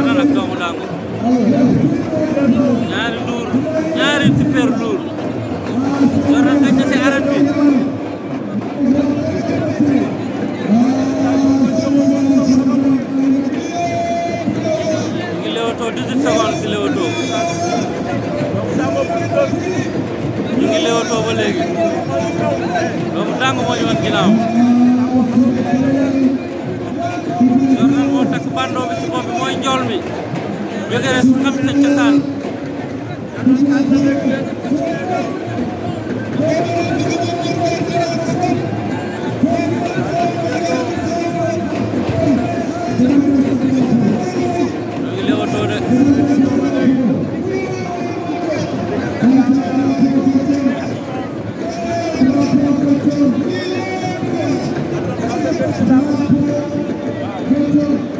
Dakar ak doomu Dangu ñaari luur ñaari super luur war na nekk ci arène bi ngi Leewtoo 18 secondes ci Leewtoo ñu ngi Leewtoo ba léegi doomu Dangu moo ñu woon ginnaaw yor na moo takk bandoo bi ci bopp bi njool mi jóge rek xam sa cosaan Thank you.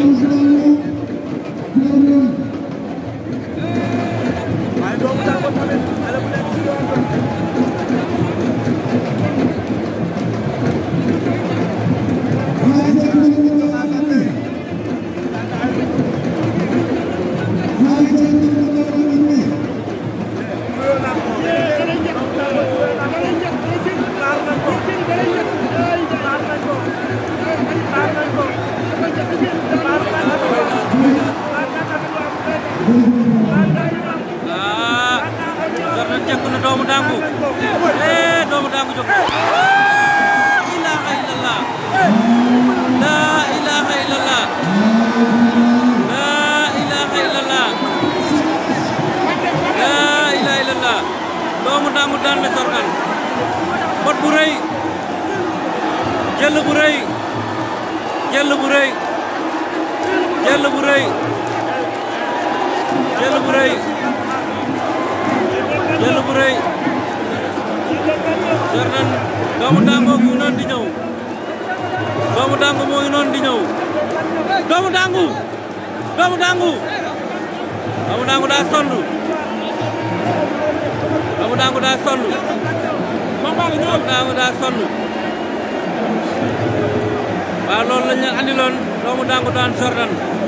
ah Jordan jekk na doomu dangu eh doomu dangu jóg. laa ilaaha illallah laa ilaaha illallah laa ilaaha doomu dangu daan na Jordan bot bu rëy jël bu rëy jël bu rëy jël bu rëy. jël bu jël bu Jordan doomu Dangu mu ngi di ñëw doomu Dangu mu ngi di ñëw doomu Dangu doomu Dangu doomu Dangu daa sonn doomu Dangu daa sonn doomu Dangu daa sonn waaw loolu doomu Dangu daan Jordan